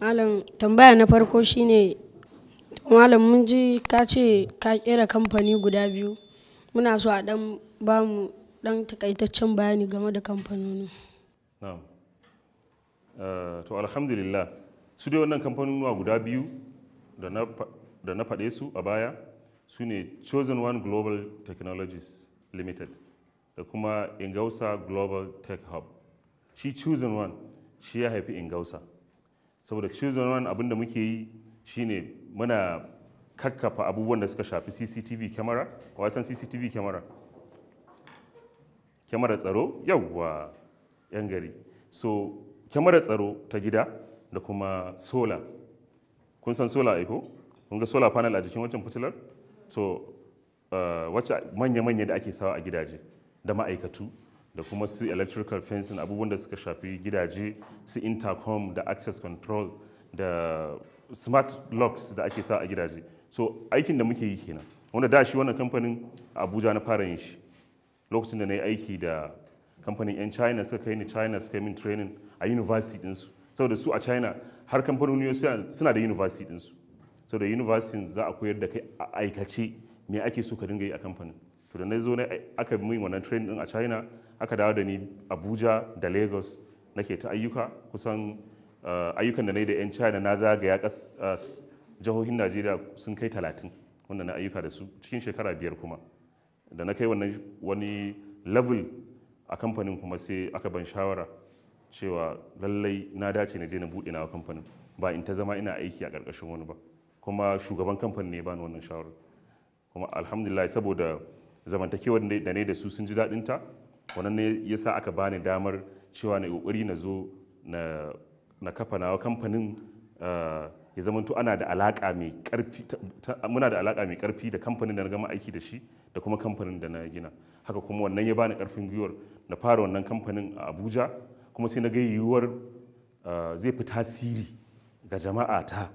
Malam tambaya na farko shine malam mun ji ka ce ka kera kamfani guda biyu muna so a dan ba mu dan takaitaccen bayani game da kamfanonin. Na'am. Eh, to alhamdulillah su dai wannan guda biyu da na faɗe su a baya su ne Chosen One Global Technologies Limited da kuma Ingausa Global Tech Hub. Shi Chosen One shi ya haifi Ingausa. saboda children run abin da muke yi shine muna kakkafa abubuwan da suka shafi cctv camera wasan cctv camera kyamarar tsaro yawwa yan gari so kyamarar tsaro ta gida da kuma sola. kun san solar aiko kun ga solar panel a jikin wancan fitilar to eh, wacce manya-manya da ake sawa a gidaje da ma'aikatu da kuma su electrical fencing abubuwan da suka shafi gidaje su intercom da access control da smart locks da ake sa a gidaje so aikin da muke yi kenan wanda da shi wannan kamfanin abuja na fara yin shi lokacin da na yi aiki da kamfanin 'yan china suka kai ni china suka min training a university dinsu saboda su a china har kamfanoni suna da university dinsu so da university za a koyar da kai a aikace me ake so ka dinga yi a kamfanin to da na zo aka min wannan training din a china aka dawo da ni abuja da lagos nake ta ayyuka kusan eh, ayyukan da na da 'yan china na zagaya eh, jihohin najeriya sun kai talatin wanda na ayyuka da su cikin shekara biyar kuma da na kai wani level a kamfanin kuma sai aka ban shawara cewa lallai na dace na je na buɗe nawa kamfanin ba in ta zama ina aiki a ƙarƙashin wani ba kuma shugaban kamfanin ne bani wannan shawarar kuma alhamdulillah saboda zamantakewar da ne da su sun ji daɗinta. wannan ne ya sa aka bani damar cewa na kokari na zo na kafa nawa kamfanin eh, ya zamanto ana da alaka mai karfi muna da alaka mai karfi da kamfanin da na gama aiki da shi da kuma kamfanin da na gina haka kuma wannan ya bani karfin gwiwar na fara wannan kamfanin a Abuja kuma sai na ga yiwuwar eh, zai fi tasiri ga jama'a ta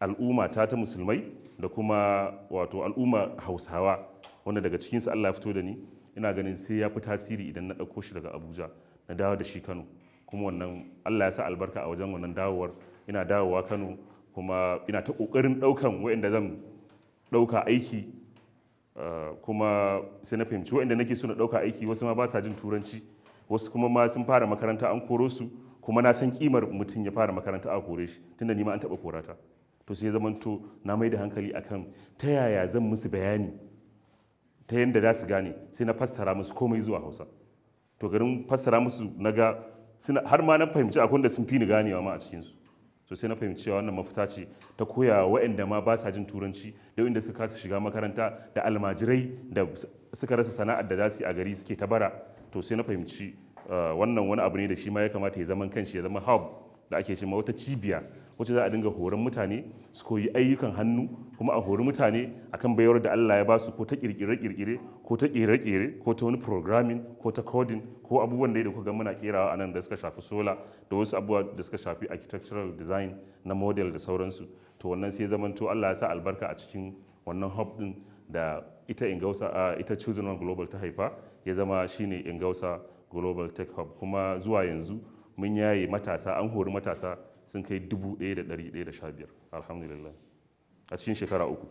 al'umma ta ta musulmai da kuma wato al'umma hausawa wanda daga cikinsu Allah ya fito da ni ina ganin sai ya fi tasiri idan na ɗauko shi daga abuja na dawo da shi kano kuma wannan allah ya sa albarka a wajen wannan dawowar ina dawowa kano kuma ina ta ƙoƙarin ɗaukan waɗanda zan ɗauka aiki eh, kuma sai na fahimci waɗanda nake so na ɗauka aiki wasu ma ba sa jin turanci wasu kuma ma sun fara makaranta an koro su kuma na san kimar mutum ya fara makaranta a kore shi tunda ni ma an taɓa korata to sai ya zamanto na mai da hankali akan ta yaya zan musu bayani ta yadda za su gane sai na fassara musu komai zuwa hausa to garin fassara musu na ga har ma na fahimci akwai da sun fi ni ganewa ma a cikinsu to sai na fahimci cewa wannan mafita ce ta koya waɗanda ma ba sa jin turanci da inda suka kasa shiga makaranta da almajirai da suka rasa sana'ar da za su yi a gari suke ta bara to sai na fahimci eh, wannan wani abu ne da shi ma ya kamata ya zama kanshi ya zama hub da ake cewa wata cibiya wacce za a dinga horon mutane su koyi ayyukan hannu kuma a hori mutane akan bayar da Allah ya basu ko ta kirkire-kirkire ko ta kere-kere ko ta wani programming ko ta coding ko abubuwan da kuka ga muna kerawa a nan da suka shafi solar da wasu abubuwa da suka shafi architectural design na model da sauransu to wannan sai to Allah ya sa albarka a cikin wannan hub din da ita ingausa ita chosen global ta haifa ya zama shine ingausa global tech hub kuma zuwa yanzu mun yaye matasa an hori matasa sun kai dubu da 1,115 alhamdulillah a cikin shekara uku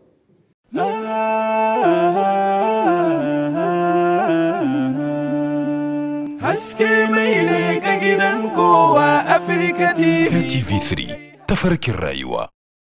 haske mai ne ga gidan kowa afirka tv3 tafarkin rayuwa